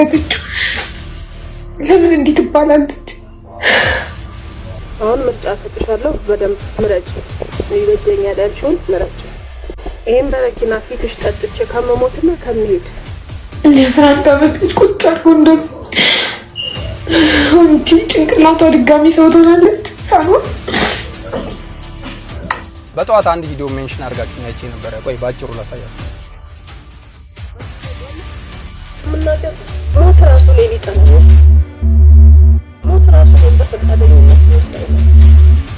ወለደች። ለምን እንዲህ ትባላለች? አሁን ምርጫ ሰጥሻለሁ። በደንብ ምረጭ። ይበጀኛል ያልሽውን ምረጭ። ይህም በመኪና ፊትሽ ጠጥቼ ከመሞትና ከሚሄድ የአስራ አንድ ዓመት ልጅ ቁጭ አድርጎ እንደዚህ አንቺ ጭንቅላቷ ድጋሚ ሰው ትሆናለች። ሳኖ በጠዋት አንድ ቪዲዮ ሜንሽን አድርጋችሁ ያቺ ነበረ። ቆይ በአጭሩ ላሳያችሁ። ሞት ራሱ ሌሊት ነው። ሞት ራሱ በፈቃደኝነት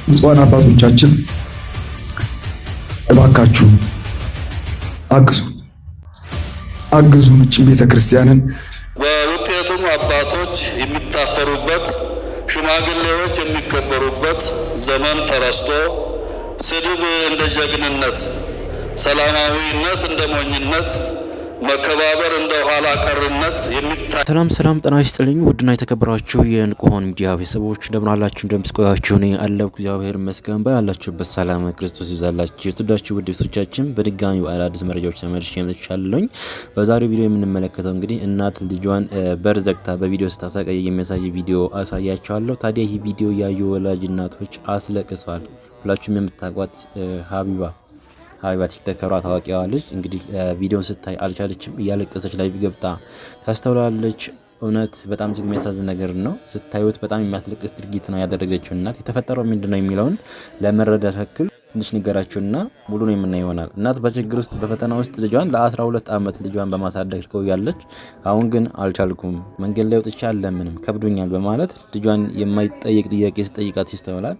ብፁዓን አባቶቻችን እባካችሁ አግዙ አግዙ ምጭን ቤተ ክርስቲያንን። በውጤቱም አባቶች የሚታፈሩበት ሽማግሌዎች የሚከበሩበት ዘመን ተረስቶ ስድብ እንደ ጀግንነት፣ ሰላማዊነት እንደ ሞኝነት መከባበር እንደ ኋላ ቀርነት የሚታ ሰላም ሰላም፣ ጤና ይስጥልኝ ውድና የተከበራችሁ የንቁሆን ሚዲያ ቤተሰቦች እንደምን አላችሁ? እንደምስቆያችሁ እኔ አለሁ እግዚአብሔር ይመስገን። ባላችሁበት ሰላም ክርስቶስ ይብዛላችሁ። የትዳችሁ ውድ ቤተሰቦቻችን በድጋሚ በአዳዲስ መረጃዎች ተመልሼ መጥቻለሁኝ። በዛሬው ቪዲዮ የምንመለከተው እንግዲህ እናት ልጇን በር ዘግታ በቪዲዮ ስታሳቀይ የሚያሳይ ቪዲዮ አሳያችኋለሁ። ታዲያ ይህ ቪዲዮ ያዩ ወላጅ እናቶች አስለቅሰዋል። ሁላችሁም የምታውቋት ሀቢባ ሀቢባ ቲክቶከሯ ታዋቂዋ ልጅ እንግዲህ ቪዲዮን ስታይ አልቻለችም፣ እያለቀሰች ላይ ገብታ ታስተውላለች። እውነት በጣም የሚያሳዝን ነገር ነው። ስታዩት በጣም የሚያስለቅስ ድርጊት ነው ያደረገችው እናት። የተፈጠረው ምንድን ነው የሚለውን ለመረዳት ያክል ትንሽ ንገራችሁና ሙሉ ነው የምና ይሆናል። እናት በችግር ውስጥ በፈተና ውስጥ ልጇን ለ12 ዓመት ልጇን በማሳደግ ቆያለች። አሁን ግን አልቻልኩም፣ መንገድ ላይ ወጥቼ አለምንም ከብዶኛል በማለት ልጇን የማይጠየቅ ጥያቄ ስጠይቃት ይስተውላል።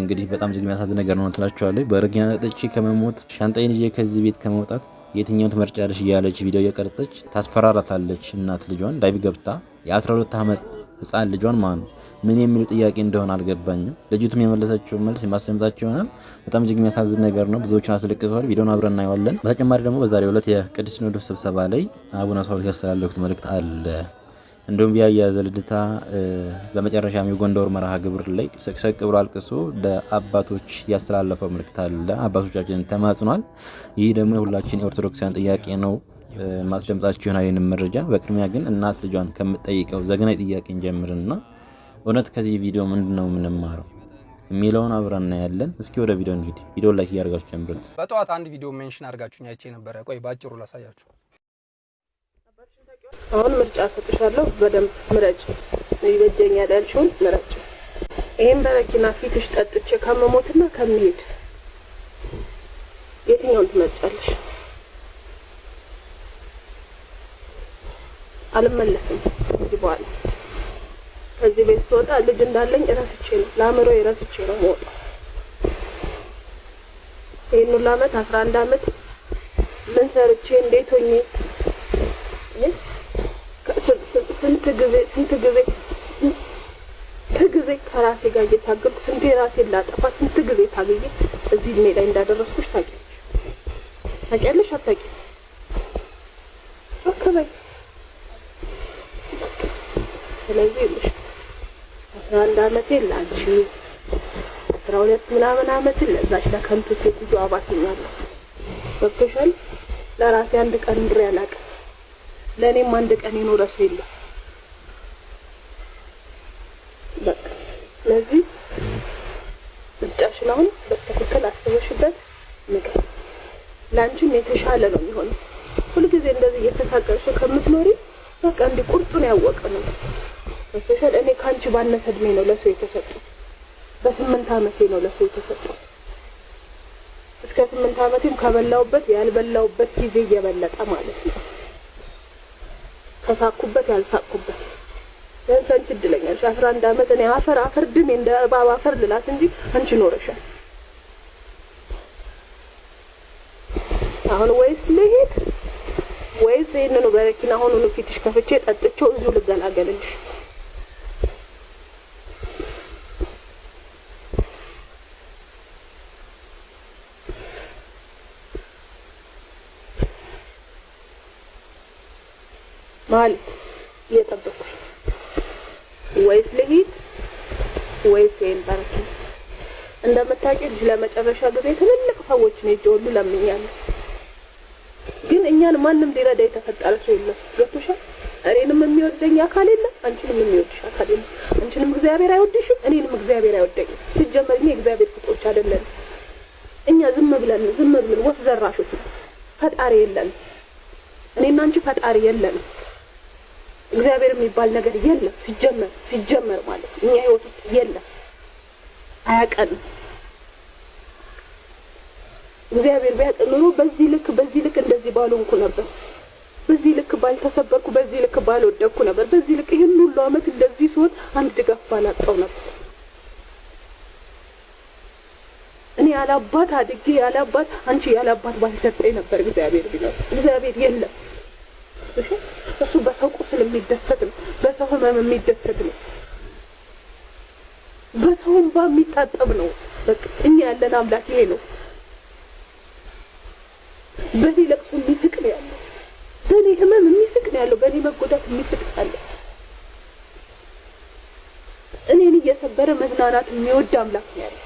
እንግዲህ በጣም ዝግ የሚያሳዝን ነገር ነው ትላችኋለች። በረኪና ጠጥቼ ከመሞት ሻንጣዬን ይዤ ከዚህ ቤት ከመውጣት የትኛውን ትመርጫለሽ እያለች ቪዲዮ እየቀረጸች ታስፈራራታለች። እናት ልጇን ዳይብ ገብታ የ12 ዓመት ህፃን ልጇን ማለት ነው። ምን የሚሉ ጥያቄ እንደሆነ አልገባኝም። ልጅቱም የመለሰችው መልስ የማስደምጣቸው ይሆናል። በጣም እጅግ የሚያሳዝን ነገር ነው። ብዙዎችን አስለቅሰዋል። ቪዲዮን አብረን እናየዋለን። በተጨማሪ ደግሞ በዛሬው ዕለት የቅዱስ ሲኖዶስ ስብሰባ ላይ አቡነ ሳዊሮስ ያስተላለፉት መልእክት አለ። እንዲሁም ቢያያዘ ልድታ በመጨረሻም የጎንደር መርሃ ግብር ላይ ሰቅሰቅ ብሎ አልቅሶ ለአባቶች ያስተላለፈው ምልክት አለ። አባቶቻችን ተማጽኗል። ይህ ደግሞ የሁላችን የኦርቶዶክሳውያን ጥያቄ ነው። ማስደምጣችሁ ይሆናል ይህንን መረጃ። በቅድሚያ ግን እናት ልጇን ከምጠይቀው ዘግናኝ ጥያቄ እንጀምርና እውነት ከዚህ ቪዲዮ ምንድን ነው የምንማረው የሚለውን አብረን እናያለን። እስኪ ወደ ቪዲዮ እንሂድ። ቪዲዮ ላይክ እያደርጋችሁ ጀምሩት። በጠዋት አንድ ቪዲዮ ሜንሽን አድርጋችሁ አይቼ ነበረ። ቆይ በአጭሩ ላሳያችሁ አሁን ምርጫ ሰጥሻለሁ። በደንብ ምረጭ፣ ይበጀኛል ያልሽውን ምረጭ። ይህም በመኪና ፊትሽ ጠጥቼ ከመሞትና ከመሄድ የትኛውን ትመርጫለሽ? አልመለስም ከዚህ በኋላ ከዚህ ቤት ስወጣ ልጅ እንዳለኝ እረስቼ ነው ለአእምሮ እረስቼ ነው ወጣ። ይህን ሁሉ አመት አስራ አንድ አመት ምን ሰርቼ እንዴት ሆኜ ስንት ጊዜ ስንት ጊዜ ስንት ጊዜ ከራሴ ጋር እየታገልኩ ስንቴ ራሴን ላጠፋ ስንት ጊዜ ታግዬ እዚህ እድሜ ላይ እንዳደረስኩሽ ታውቂያለሽ። ታውቂያለሽ አታውቂም? አከበይ ስለዚህ አስራ አንድ አመቴ አስራ ሁለት ምናምን አመት ለዛች ለከንቱ አባትኛለሁ። ገብቶሻል? ለራሴ አንድ ቀን እንድሬ አላውቅም። ለእኔም አንድ ቀን የኖረ ሰው የለም። ለአንቺም የተሻለ ነው የሚሆነው። ሁልጊዜ እንደዚህ እየተሳቀቅሽ ከምትኖሪ በቃ እንዲህ ቁርጡን ያወቀ ነው ስፔሻል። እኔ ከአንቺ ባነሰ እድሜ ነው ለሰው የተሰጠው። በስምንት አመቴ ነው ለሰው የተሰጠው። እስከ ስምንት አመቴም ከበላውበት ያልበላውበት ጊዜ እየበለጠ ማለት ነው ከሳኩበት ያልሳኩበት ቢያንስ አንቺ እድለኛልሽ። አስራ አንድ አመት እኔ አፈር አፈር ድሜ እንደ እባብ አፈር ልላት እንጂ አንቺ ኖረሻል። አሁን ወይስ ልሂድ ወይስ ይህንኑ በረኪና አሁኑኑ ፊትሽ ከፍቼ ጠጥቼው እዚሁ ልገላገልልሽ? ማለት እየጠበኩሽ ወይስ ልሂድ ወይስ ይሄን ጠረኪ እንደምታውቂ ለመጨረሻ ጊዜ ትልልቅ ሰዎችን ሄጄ ሁሉ ለምኛለሁ። ግን እኛን ማንም ሊረዳ የተፈጠረ ሰው የለም። ገብቶሻል? እኔንም የሚወደኝ አካል የለም፣ አንቺንም የሚወድሽ አካል የለም። አንቺንም እግዚአብሔር አይወድሽም፣ እኔንም እግዚአብሔር አይወደኝም። ሲጀመር እኛ የእግዚአብሔር ፍጦች አይደለም። እኛ ዝም ብለን ዝም ብለን ወፍ ዘራሾች ፈጣሪ የለም። እኔና አንቺ ፈጣሪ የለም። እግዚአብሔር የሚባል ነገር የለም። ሲጀመር ሲጀመር ማለት እኛ ህይወት ውስጥ የለም። አያቀንም እግዚአብሔር ቢያውቅ ኑሮ በዚህ ልክ በዚህ ልክ እንደዚህ ባልሆንኩ ነበር። በዚህ ልክ ባልተሰበርኩ፣ በዚህ ልክ ባልወደኩ ነበር። በዚህ ልክ ይህን ሁሉ አመት እንደዚህ ሲሆን አንድ ድጋፍ ባላጣው ነበር። እኔ ያለ አባት አድጌ ያለ አባት አንቺ ያለ አባት ባልሰጠኝ ነበር። እግዚአብሔር ቢኖር እግዚአብሔር የለም። እሱ በሰው ቁስል የሚደሰት ነው። በሰው ህመም የሚደሰት ነው። በሰው እንባ የሚጣጠብ ነው። በቃ እኛ ያለን አምላክ ይሄ ነው። በእኔ ለቅሶ የሚስቅ ነው ያለው፣ በእኔ ህመም የሚስቅ ነው ያለው፣ በእኔ መጎዳት የሚስቅ ያለው። እኔን እየሰበረ መዝናናት የሚወድ አምላክ ነው ያለው።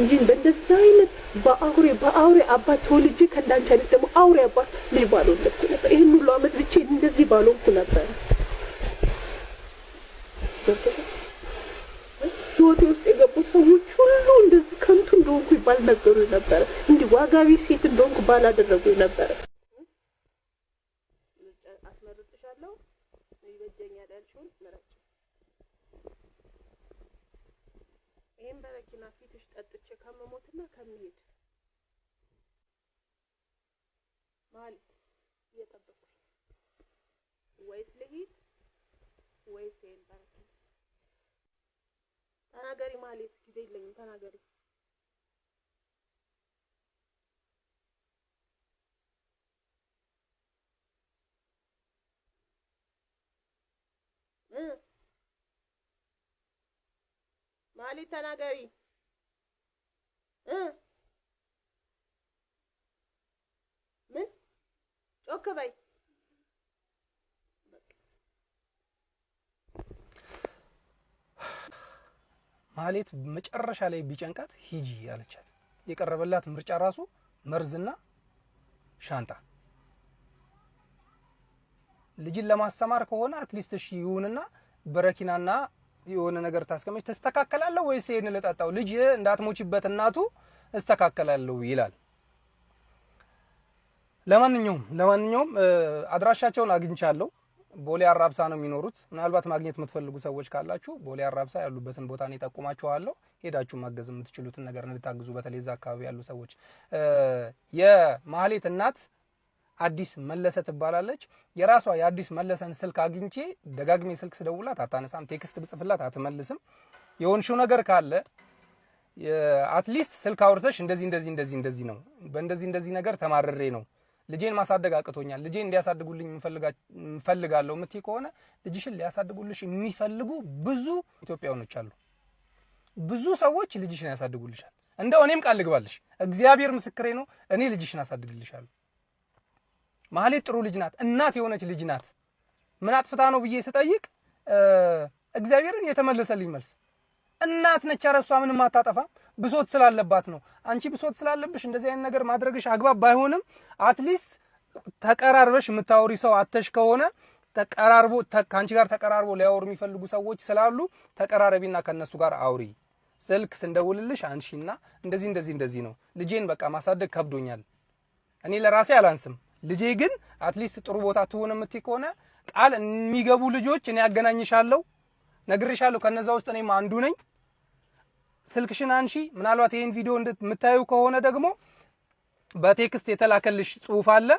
እንጂ በእንደዛ አይነት በአውሬ በአውሬ አባት ተወልጄ ከእንዳንቺ አይነት ደግሞ አውሬ አባት ልጅ ባልወለድኩ ነበር። ይህን ሁሉ አመት ብቻ እንደዚህ ባልሆንኩ ነበር። ህይወቴ ውስጥ የገቡ ሰዎች ሁሉ እንደዚህ ከንቱ እንደሆንኩ ባልነገሩ ነበረ። እንዲህ ዋጋቢ ሴት እንደሆንኩ ባላደረጉ ነበረ። አስመርጥሻለሁ ይበጀኛል ያልሽውን ምረጭ። ይህም በመኪና ፊትሽ ጠጥቼ ከመሞትና ከምሄድ ተናገሪ ማለት ጊዜ የለኝም። ተናገሪ ማለት ተናገሪ ምን ጮክ በይ ማሌት መጨረሻ ላይ ቢጨንቃት ሂጂ አለቻት። የቀረበላት ምርጫ ራሱ መርዝና ሻንጣ። ልጅን ለማስተማር ከሆነ አትሊስት እሺ ይሁንና በረኪናና የሆነ ነገር ታስቀመች። ተስተካከላለሁ ወይስ ይሄን ለጣጣው ልጅ እንዳትሞችበት እናቱ እስተካከላለሁ ይላል። ለማንኛውም ለማንኛውም አድራሻቸውን አግኝቻለሁ። ቦሌ አራብሳ ነው የሚኖሩት። ምናልባት ማግኘት የምትፈልጉ ሰዎች ካላችሁ ቦሌ አራብሳ ያሉበትን ቦታ እኔ ጠቁማችኋለሁ። ሄዳችሁ ማገዝ የምትችሉትን ነገር እንድታግዙ፣ በተለይ እዛ አካባቢ ያሉ ሰዎች። የማህሌት እናት አዲስ መለሰ ትባላለች። የራሷ የአዲስ መለሰን ስልክ አግኝቼ ደጋግሜ ስልክ ስደውላት አታነሳም፣ ቴክስት ብጽፍላት አትመልስም። የሆንሽው ነገር ካለ አትሊስት ስልክ አውርተሽ እንደዚህ እንደዚህ እንደዚህ እንደዚህ ነው በእንደዚህ እንደዚህ ነገር ተማርሬ ነው ልጄን ማሳደግ አቅቶኛል፣ ልጄን እንዲያሳድጉልኝ እንፈልጋለሁ የምትይ ከሆነ ልጅሽን ሊያሳድጉልሽ የሚፈልጉ ብዙ ኢትዮጵያውኖች አሉ። ብዙ ሰዎች ልጅሽን ያሳድጉልሻል። እንደው እኔም ቃል ልግባልሽ፣ እግዚአብሔር ምስክሬ ነው። እኔ ልጅሽን አሳድግልሻለሁ። ማህሌት ጥሩ ልጅ ናት። እናት የሆነች ልጅ ናት። ምን አጥፍታ ነው ብዬ ስጠይቅ እግዚአብሔርን የተመለሰልኝ መልስ እናት ነች። ኧረ እሷ ምንም አታጠፋም ብሶት ስላለባት ነው። አንቺ ብሶት ስላለብሽ እንደዚህ አይነት ነገር ማድረግሽ አግባብ ባይሆንም አትሊስት ተቀራርበሽ የምታወሪ ሰው አተሽ ከሆነ ተቀራርቦ ከአንቺ ጋር ተቀራርቦ ሊያወሩ የሚፈልጉ ሰዎች ስላሉ ተቀራረቢና ከነሱ ጋር አውሪ። ስልክ ስንደውልልሽ አንሺና እንደዚህ እንደዚህ እንደዚህ ነው ልጄን በቃ ማሳደግ ከብዶኛል፣ እኔ ለራሴ አላንስም። ልጄ ግን አትሊስት ጥሩ ቦታ ትሆን የምትይ ከሆነ ቃል የሚገቡ ልጆች እኔ ያገናኝሻለሁ፣ ነግሬሻለሁ። ከነዛ ውስጥ እኔም አንዱ ነኝ። ስልክሽን አንሺ። ምናልባት ይህን ቪዲዮ የምታዩ ከሆነ ደግሞ በቴክስት የተላከልሽ ጽሁፍ አለ።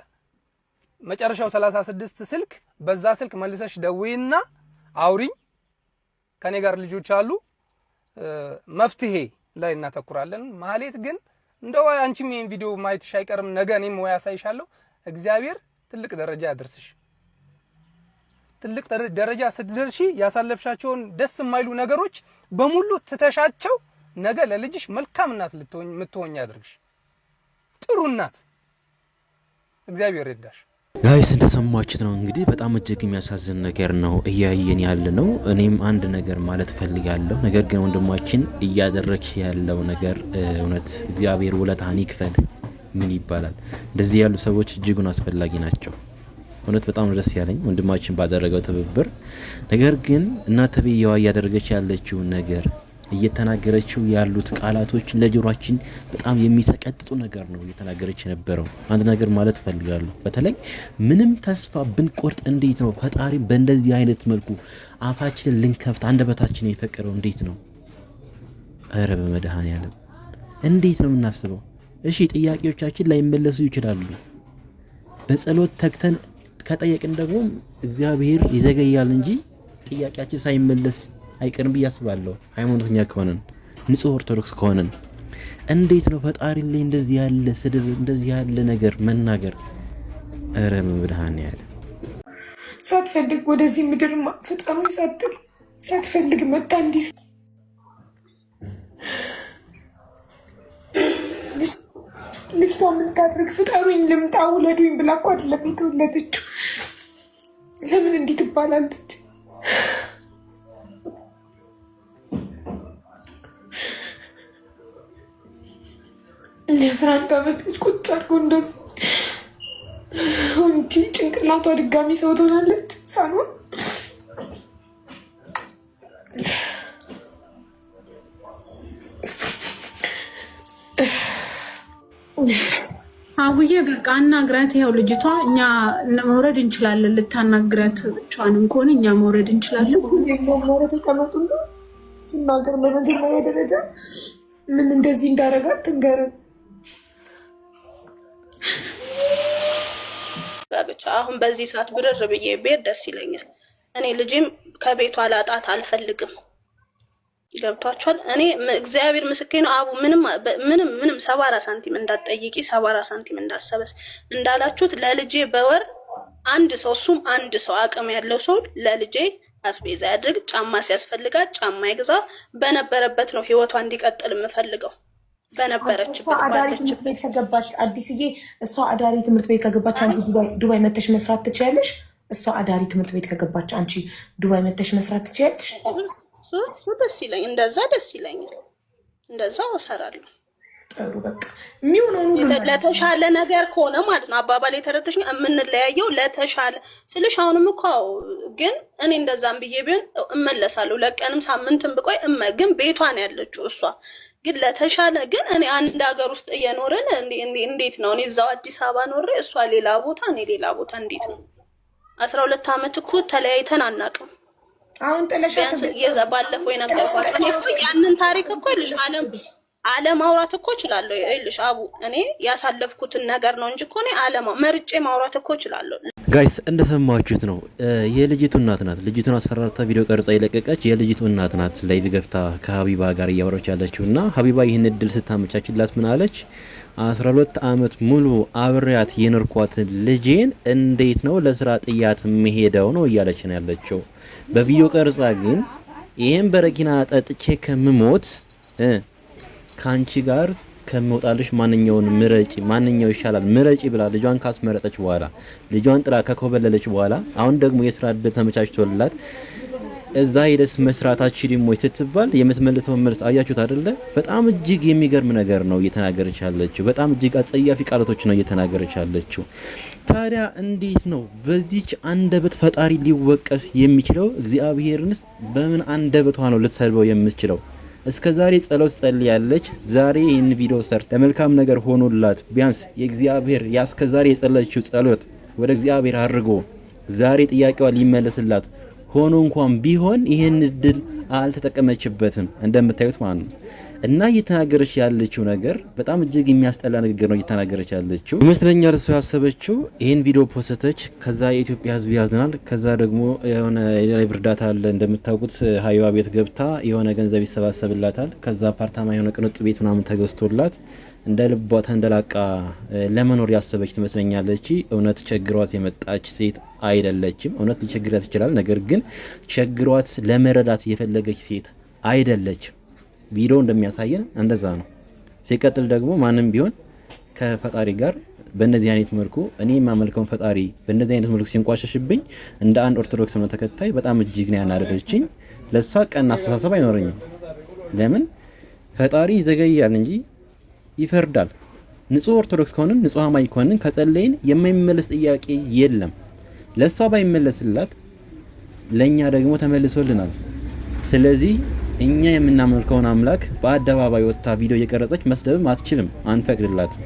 መጨረሻው 36 ስልክ፣ በዛ ስልክ መልሰሽ ደውይና አውሪኝ። ከኔ ጋር ልጆች አሉ። መፍትሄ ላይ እናተኩራለን። ማህሌት ግን እንደው አንቺም ይህን ቪዲዮ ማየትሽ አይቀርም፣ ነገ እኔም ወይ ያሳይሻለሁ። እግዚአብሔር ትልቅ ደረጃ ያደርስሽ። ትልቅ ደረጃ ስትደርሺ ያሳለፍሻቸውን ደስ የማይሉ ነገሮች በሙሉ ትተሻቸው ነገ ለልጅሽ መልካም እናት የምትሆኝ ያድርግሽ። ጥሩ እናት እግዚአብሔር ይርዳሽ። ጋይስ እንደሰማችት ነው እንግዲህ በጣም እጅግ የሚያሳዝን ነገር ነው እያየን ያለ ነው። እኔም አንድ ነገር ማለት ፈልጋለሁ ነገር ግን ወንድማችን እያደረግሽ ያለው ነገር እውነት እግዚአብሔር ውለታህን ይክፈል። ምን ይባላል እንደዚህ ያሉ ሰዎች እጅጉን አስፈላጊ ናቸው። እውነት በጣም ደስ ያለኝ ወንድማችን ባደረገው ትብብር። ነገር ግን እናትየዋ እያደረገች ያለችው ነገር እየተናገረችው ያሉት ቃላቶች ለጆሯችን በጣም የሚሰቀጥጡ ነገር ነው እየተናገረች የነበረው። አንድ ነገር ማለት እፈልጋለሁ። በተለይ ምንም ተስፋ ብንቆርጥ እንዴት ነው ፈጣሪ በእንደዚህ አይነት መልኩ አፋችንን ልንከፍት በታችን የፈቀደው እንዴት ነው? እረ በመድኃኔዓለም እንዴት ነው የምናስበው? እሺ ጥያቄዎቻችን ላይመለሱ ይችላሉ። በጸሎት ተግተን ከጠየቅን ደግሞ እግዚአብሔር ይዘገያል እንጂ ጥያቄያችን ሳይመለስ አይቀርም ብዬ አስባለሁ። ሃይማኖተኛ ከሆነን ንጹህ ኦርቶዶክስ ከሆነን እንዴት ነው ፈጣሪ ላይ እንደዚህ ያለ ስድብ እንደዚህ ያለ ነገር መናገር? እረ መብርሃን ያለ ሳትፈልግ ወደዚህ ምድር ፍጠሩ ሳትል ሳትፈልግ መጣ እንዲስ ልጅቷ ምን ታድርግ? ፍጠሩኝ፣ ልምጣ፣ ውለዱኝ ብላ እኮ አይደለም የተወለደችው። ለምን እንዲህ ትባላለች? የአስራ አንድ ዓመት ልጅ ቁጭ አድርጎ እንደዚህ እንዲ ጭንቅላቷ ድጋሚ ሰው ትሆናለች። ሳኗ አቡዬ በቃ አናግራት። ያው ልጅቷ እኛ መውረድ እንችላለን። ልታናግራት ብቻዋንም ከሆነ እኛ መውረድ እንችላለን። ተቀመጡ ትናገር። በመጀመሪያ ደረጃ ምን እንደዚህ እንዳደረጋት ትንገረን። ረግቻ አሁን በዚህ ሰዓት ብርር ብዬ ቤት ደስ ይለኛል። እኔ ልጅም ከቤቷ ላጣት አልፈልግም። ገብቷችኋል? እኔ እግዚአብሔር ምስክሬ ነው። አቡ ምንም ምንም ምንም ሰባራ ሳንቲም እንዳትጠይቂ ሰባራ ሳንቲም እንዳሰበስ እንዳላችሁት ለልጄ በወር አንድ ሰው እሱም አንድ ሰው አቅም ያለው ሰው ለልጄ አስቤዛ ያድርግ፣ ጫማ ሲያስፈልጋት ጫማ ይግዛ። በነበረበት ነው ህይወቷ እንዲቀጥል የምፈልገው። በነበረችበት አዳሪ ትምህርት ቤት ከገባች አዲስዬ፣ እሷ አዳሪ ትምህርት ቤት ከገባች አንቺ ዱባይ መተሽ መስራት ትችያለሽ። እሷ አዳሪ ትምህርት ቤት ከገባች አንቺ ዱባይ መተሽ መስራት ትችያለሽ። ደስ ይለኝ፣ እንደዛ ደስ ይለኛል። እንደዛ እሰራለሁ። ጥሩ በቃ የሚሆነውን ለተሻለ ነገር ከሆነ ማለት ነው። አባባል የተረተሽ የምንለያየው ለተሻለ ስልሽ፣ አሁንም እኮ ግን እኔ እንደዛም ብዬ ቢሆን እመለሳለሁ። ለቀንም ሳምንትን ብቆይ እመ ግን ቤቷን ያለችው እሷ ግን ለተሻለ ግን እኔ አንድ ሀገር ውስጥ እየኖርን እንዴት ነው? እኔ እዛው አዲስ አበባ ኖሬ እሷ ሌላ ቦታ እኔ ሌላ ቦታ እንዴት ነው? አስራ ሁለት አመት እኮ ተለያይተን አናውቅም። አሁን ጥለሻት ባለፈው የነገርኳት ያንን ታሪክ እኮ ዓለም አለማውራት እኮ እችላለሁ። ይኸውልሽ አቡ እኔ ያሳለፍኩትን ነገር ነው እንጂ እኮ እኔ አለማ መርጬ ማውራት እኮ እችላለሁ። ጋይስ እንደሰማችሁት ነው። የልጅቱ እናት ናት። ልጅቱን አስፈራርታ ቪዲዮ ቀርጻ የለቀቀች የልጅቱ እናት ናት። ላይቭ ገፍታ ከሀቢባ ጋር እያወራች ያለችው እና ሀቢባ ይህን እድል ስታመቻችላት ምን አለች? አስራ ሁለት አመት ሙሉ አብሬያት የኖርኳትን ልጄን እንዴት ነው ለስራ ጥያት መሄደው ነው እያለች ነው ያለችው። በቪዲዮ ቀርጻ ግን ይህም በረኪና ጠጥቼ ከምሞት ከአንቺ ጋር ከሚወጣልሽ ማንኛውን ምረጪ፣ ማንኛው ይሻላል ምረጪ ብላ ልጇን ካስመረጠች በኋላ ልጇን ጥላ ከኮበለለች በኋላ አሁን ደግሞ የስራ እድል ተመቻችቶላት እዛ ሄደስ መስራታችሁ አችልም ስትባል የምትመልሰው መልስ አያችሁት አይደለ? በጣም እጅግ የሚገርም ነገር ነው እየተናገረች ያለችው። በጣም እጅግ አጸያፊ ቃላቶች ነው እየተናገረች ያለችው። ታዲያ እንዴት ነው በዚች አንደበት ፈጣሪ ሊወቀስ የሚችለው? እግዚአብሔርንስ በምን አንደበቷ ነው ልትሰድበው የምትችለው? እስከ ዛሬ ጸሎት ጸልያለች። ዛሬ ይህን ቪዲዮ ሰርት ለመልካም ነገር ሆኖላት ቢያንስ የእግዚአብሔር ያስከ ዛሬ የጸለችው ጸሎት ወደ እግዚአብሔር አድርጎ ዛሬ ጥያቄዋ ሊመለስላት ሆኖ እንኳን ቢሆን ይህን እድል አልተጠቀመችበትም እንደምታዩት ማለት ነው። እና እየተናገረች ያለችው ነገር በጣም እጅግ የሚያስጠላ ንግግር ነው። እየተናገረች ያለችው ይመስለኛል ሰው ያሰበችው ይህን ቪዲዮ ፖስተች፣ ከዛ የኢትዮጵያ ሕዝብ ያዝናል፣ ከዛ ደግሞ የሆነ የላይቭ እርዳታ አለ እንደምታውቁት፣ ሀይዋ ቤት ገብታ የሆነ ገንዘብ ይሰባሰብላታል። ከዛ አፓርታማ የሆነ ቅንጡ ቤት ምናምን ተገዝቶላት እንደ ልቧ ተንደላቃ ለመኖር ያሰበች ትመስለኛለች። እውነት ቸግሯት የመጣች ሴት አይደለችም። እውነት ሊቸግራት ይችላል፣ ነገር ግን ቸግሯት ለመረዳት የፈለገች ሴት አይደለችም። ቪዲዮ እንደሚያሳየን እንደዛ ነው። ሲቀጥል ደግሞ ማንም ቢሆን ከፈጣሪ ጋር በእነዚህ አይነት መልኩ እኔ የማመልከውን ፈጣሪ በእነዚህ አይነት መልኩ ሲንቋሸሽብኝ እንደ አንድ ኦርቶዶክስ እምነት ተከታይ በጣም እጅግ ነው ያናደደችኝ። ለእሷ ቀና አስተሳሰብ አይኖረኝም። ለምን ፈጣሪ ይዘገያል እንጂ ይፈርዳል። ንጹህ ኦርቶዶክስ ከሆንን ንጹህ አማኝ ከሆንን ከጸለይን የማይመለስ ጥያቄ የለም። ለእሷ ባይመለስላት ለእኛ ደግሞ ተመልሶልናል። ስለዚህ እኛ የምናመልከውን አምላክ በአደባባይ ወጥታ ቪዲዮ እየቀረጸች መስደብም አትችልም፣ አንፈቅድላትም።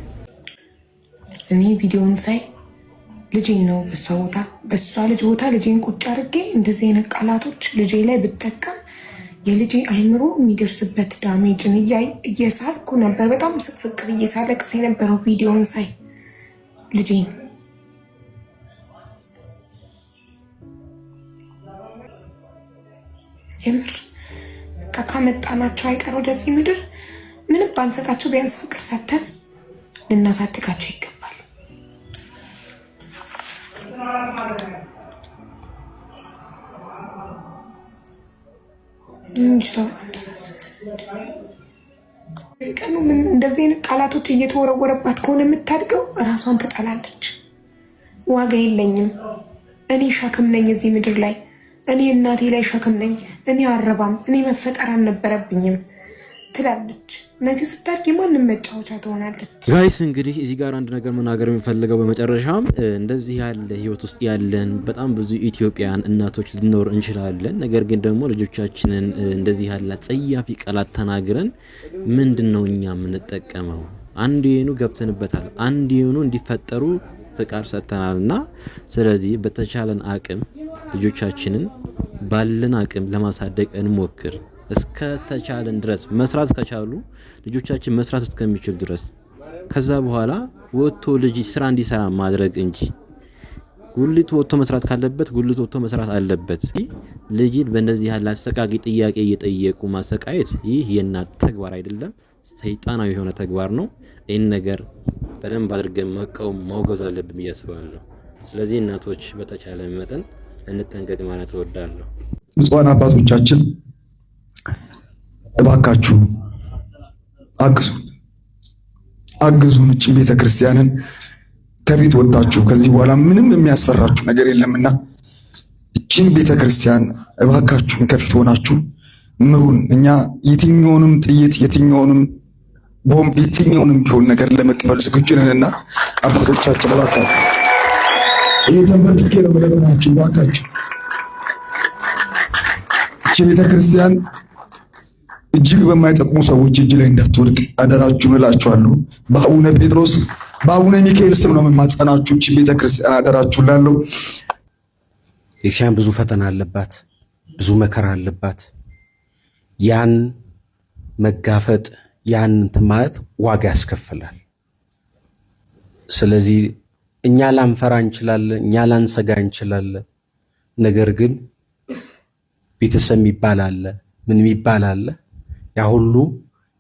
እኔ ቪዲዮን ሳይ ልጄን ነው በእሷ ቦታ በእሷ ልጅ ቦታ ልጄን ቁጭ አድርጌ እንደዚህ አይነት ቃላቶች ልጄ ላይ ብጠቀም የልጄ አይምሮ የሚደርስበት ዳሜጅን እየሳልኩ ነበር። በጣም ስቅስቅ ብዬ ሳለቅስ የነበረው ቪዲዮን ሳይ ልጄን የምር በቃ ካመጣናቸው አይቀር ወደዚህ ምድር ምንም ባንሰጣቸው ቢያንስ ፍቅር ሰጥተን ልናሳድጋቸው ይገባል። ቀኑ እንደዚህ አይነት ቃላቶች እየተወረወረባት ከሆነ የምታድገው እራሷን ትጠላለች። ዋጋ የለኝም እኔ ሸክም ነኝ እዚህ ምድር ላይ እኔ እናቴ ላይ ሸክም ነኝ፣ እኔ አረባም፣ እኔ መፈጠር አልነበረብኝም ትላለች። ነገ ስታድግ ማንም መጫወቻ ትሆናለች። ጋይስ እንግዲህ እዚህ ጋር አንድ ነገር መናገር የሚፈልገው በመጨረሻም እንደዚህ ያለ ህይወት ውስጥ ያለን በጣም ብዙ ኢትዮጵያን እናቶች ልኖር እንችላለን። ነገር ግን ደግሞ ልጆቻችንን እንደዚህ ያለ ጸያፊ ቃላት ተናግረን ምንድን ነው እኛ የምንጠቀመው? አንድ የኑ ገብተንበታል፣ የኑ እንዲፈጠሩ ፍቃድ ሰጥተናል እና ስለዚህ በተቻለን አቅም ልጆቻችንን ባለን አቅም ለማሳደግ እንሞክር። እስከተቻለን ድረስ መስራት ከቻሉ ልጆቻችን መስራት እስከሚችል ድረስ ከዛ በኋላ ወጥቶ ልጅ ስራ እንዲሰራ ማድረግ እንጂ ጉልት ወጥቶ መስራት ካለበት ጉልት ወጥቶ መስራት አለበት። ልጅን በእንደዚህ ያለ አሰቃቂ ጥያቄ እየጠየቁ ማሰቃየት ይህ የእናት ተግባር አይደለም፣ ሰይጣናዊ የሆነ ተግባር ነው። ይህን ነገር በደንብ አድርገን መቃወም ማውገዝ አለብን ብዬ ስለዚህ እናቶች በተቻለ መጠን እንጠንቀቅ ማለት እወዳለሁ። ብፁዓን አባቶቻችን እባካችሁ አግዙ አግዙን እጭ ቤተ ክርስቲያንን ከፊት ወጣችሁ ከዚህ በኋላ ምንም የሚያስፈራችሁ ነገር የለምና እችን ቤተ ክርስቲያን እባካችሁን ከፊት ሆናችሁ ምሩን። እኛ የትኛውንም ጥይት የትኛውንም ቦምብ የትኛውንም ቢሆን ነገር ለመቀበል ዝግጁ ነንና አባቶቻችን እባካችሁ እየተንበርክኬ ነው የምለምናችሁ እባካችሁ። እቺ ቤተክርስቲያን እጅግ በማይጠቅሙ ሰዎች እጅ ላይ እንዳትወድቅ አደራችሁን እላችኋለሁ። በአቡነ ጴጥሮስ በአቡነ ሚካኤል ስም ነው የምማጸናችሁ። እቺ ቤተክርስቲያን አደራችሁ እላለሁ። ቤተክርስቲያን ብዙ ፈተና አለባት፣ ብዙ መከራ አለባት። ያን መጋፈጥ ያን እንትን ማለት ዋጋ ያስከፍላል። ስለዚህ እኛ ላንፈራ እንችላለን፣ እኛ ላንሰጋ እንችላለን። ነገር ግን ቤተሰብ የሚባል አለ፣ ምን የሚባል አለ። ያ ሁሉ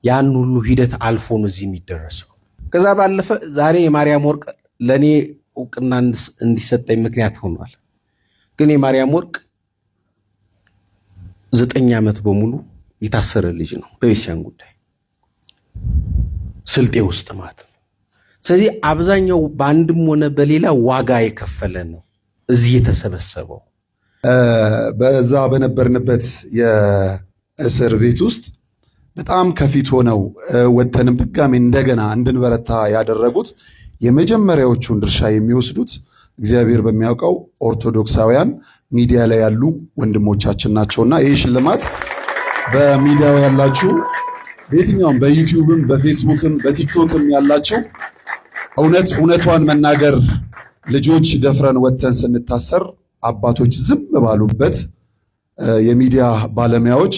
ያን ሁሉ ሂደት አልፎ ነው እዚህ የሚደረሰው። ከዛ ባለፈ ዛሬ የማርያም ወርቅ ለእኔ እውቅና እንዲሰጠኝ ምክንያት ሆኗል። ግን የማርያም ወርቅ ዘጠኝ ዓመት በሙሉ የታሰረ ልጅ ነው በቤስያን ጉዳይ ስልጤ ውስጥ ማለት ነው። ስለዚህ አብዛኛው በአንድም ሆነ በሌላ ዋጋ የከፈለ ነው እዚህ የተሰበሰበው። በዛ በነበርንበት የእስር ቤት ውስጥ በጣም ከፊት ሆነው ወተንም ድጋሜ እንደገና እንድንበረታ ያደረጉት የመጀመሪያዎቹን ድርሻ የሚወስዱት እግዚአብሔር በሚያውቀው ኦርቶዶክሳውያን ሚዲያ ላይ ያሉ ወንድሞቻችን ናቸውና ይህ ሽልማት በሚዲያው ያላችሁ በየትኛውም በዩቲዩብም በፌስቡክም በቲክቶክም ያላቸው እውነት እውነቷን መናገር ልጆች ደፍረን ወጥተን ስንታሰር አባቶች ዝም ባሉበት የሚዲያ ባለሙያዎች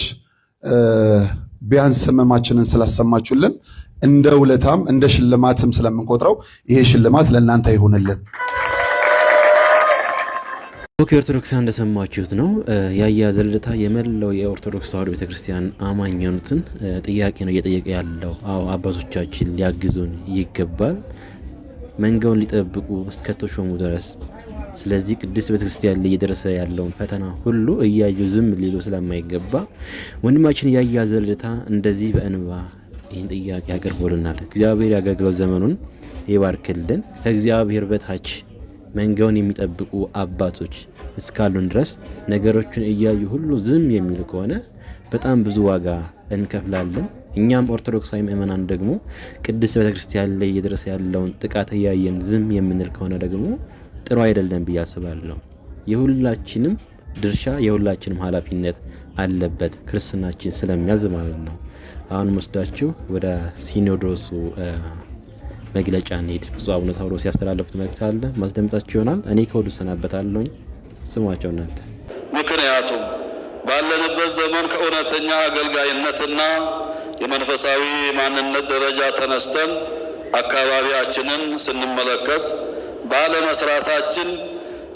ቢያንስ ህመማችንን ስላሰማችሁልን እንደ ውለታም እንደ ሽልማትም ስለምንቆጥረው ይሄ ሽልማት ለእናንተ ይሁንልን። ኦኬ፣ ኦርቶዶክሳን እንደሰማችሁት ነው። ያያ ዘልደታ የመላው የኦርቶዶክስ ተዋህዶ ቤተክርስቲያን አማኝ የሆኑትን ጥያቄ ነው እየጠየቀ ያለው። አዎ አባቶቻችን ሊያግዙን ይገባል። መንጋውን ሊጠብቁ እስከተሾሙ ድረስ። ስለዚህ ቅድስት ቤተክርስቲያን ላይ እየደረሰ ያለውን ፈተና ሁሉ እያዩ ዝም ሊሉ ስለማይገባ ወንድማችን ያያ ዘልደታ እንደዚህ በእንባ ይህን ጥያቄ አቅርቦልናል። እግዚአብሔር ያገልግለው፣ ዘመኑን ይባርክልን። ከእግዚአብሔር በታች መንጋውን የሚጠብቁ አባቶች እስካሉን ድረስ ነገሮችን እያዩ ሁሉ ዝም የሚል ከሆነ በጣም ብዙ ዋጋ እንከፍላለን። እኛም ኦርቶዶክሳዊ ምእመናን ደግሞ ቅድስት ቤተክርስቲያን ላይ እየደረሰ ያለውን ጥቃት እያየን ዝም የምንል ከሆነ ደግሞ ጥሩ አይደለም ብዬ አስባለሁ። የሁላችንም ድርሻ የሁላችንም ኃላፊነት አለበት ክርስትናችን ስለሚያዝ ማለት ነው። አሁን ወስዳችሁ ወደ ሲኖዶሱ መግለጫ እንሂድ። ብፁዕ አቡነ ሳዊሮስ ሲያስተላለፉት መልእክት አለ ማስደምጣችሁ ይሆናል። እኔ ከወዱ ሰናበታለሁኝ። ስሟቸው እናንተ። ምክንያቱም ባለንበት ዘመን ከእውነተኛ አገልጋይነትና የመንፈሳዊ ማንነት ደረጃ ተነስተን አካባቢያችንን ስንመለከት ባለመስራታችን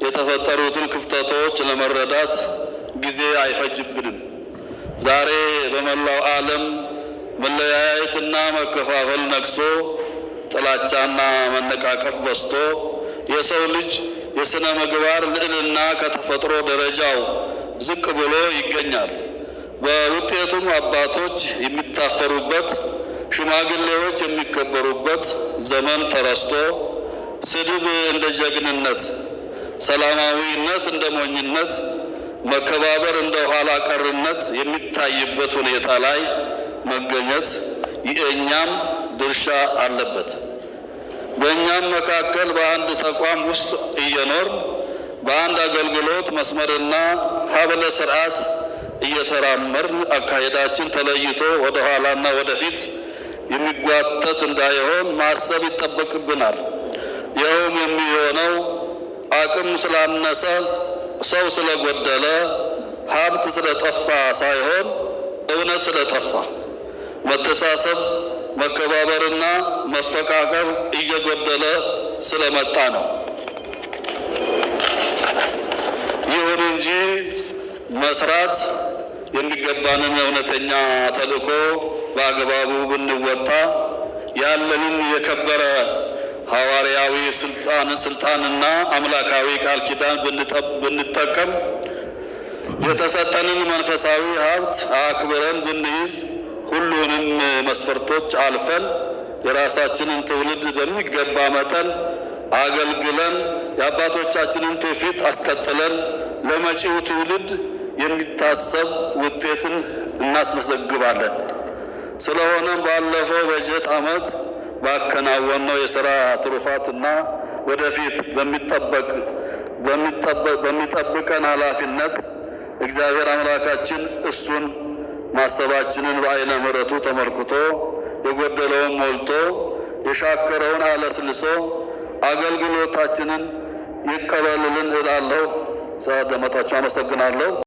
የተፈጠሩትን ክፍተቶች ለመረዳት ጊዜ አይፈጅብንም። ዛሬ በመላው ዓለም መለያየትና መከፋፈል ነግሶ ጥላቻና መነቃቀፍ በዝቶ የሰው ልጅ የሥነ ምግባር ልዕልና ከተፈጥሮ ደረጃው ዝቅ ብሎ ይገኛል። በውጤቱም አባቶች የሚታፈሩበት፣ ሽማግሌዎች የሚከበሩበት ዘመን ተረስቶ ስድብ እንደ ጀግንነት፣ ሰላማዊነት እንደ ሞኝነት፣ መከባበር እንደ ኋላ ቀርነት የሚታይበት ሁኔታ ላይ መገኘት የእኛም ድርሻ አለበት። በእኛም መካከል በአንድ ተቋም ውስጥ እየኖር በአንድ አገልግሎት መስመርና ሀብለ ስርዓት እየተራመርን አካሄዳችን ተለይቶ ወደ ኋላና ወደፊት የሚጓተት እንዳይሆን ማሰብ ይጠበቅብናል። ይኸውም የሚሆነው አቅም ስላነሰ፣ ሰው ስለጎደለ፣ ሀብት ስለጠፋ ሳይሆን እውነት ስለጠፋ መተሳሰብ፣ መከባበርና መፈቃቀር እየጎደለ ስለመጣ ነው። ይሁን እንጂ መስራት የሚገባንን እውነተኛ ተልእኮ በአግባቡ ብንወጣ ያለንን የከበረ ሐዋርያዊ ስልጣን ስልጣንና አምላካዊ ቃል ኪዳን ብንጠቀም የተሰጠንን መንፈሳዊ ሀብት አክብረን ብንይዝ ሁሉንም መስፈርቶች አልፈን የራሳችንን ትውልድ በሚገባ መጠን አገልግለን የአባቶቻችንን ትውፊት አስቀጥለን ለመጪው ትውልድ የሚታሰብ ውጤትን እናስመዘግባለን። ስለሆነም ባለፈው በጀት ዓመት ባከናወነው የሥራ ትሩፋትና ወደፊት በሚጠበቅ በሚጠብቀን ኃላፊነት እግዚአብሔር አምላካችን እሱን ማሰባችንን በአይነ ምሕረቱ ተመልክቶ የጎደለውን ሞልቶ የሻከረውን አለስልሶ አገልግሎታችንን ይቀበልልን እላለሁ። ስለ አመሰግናለሁ።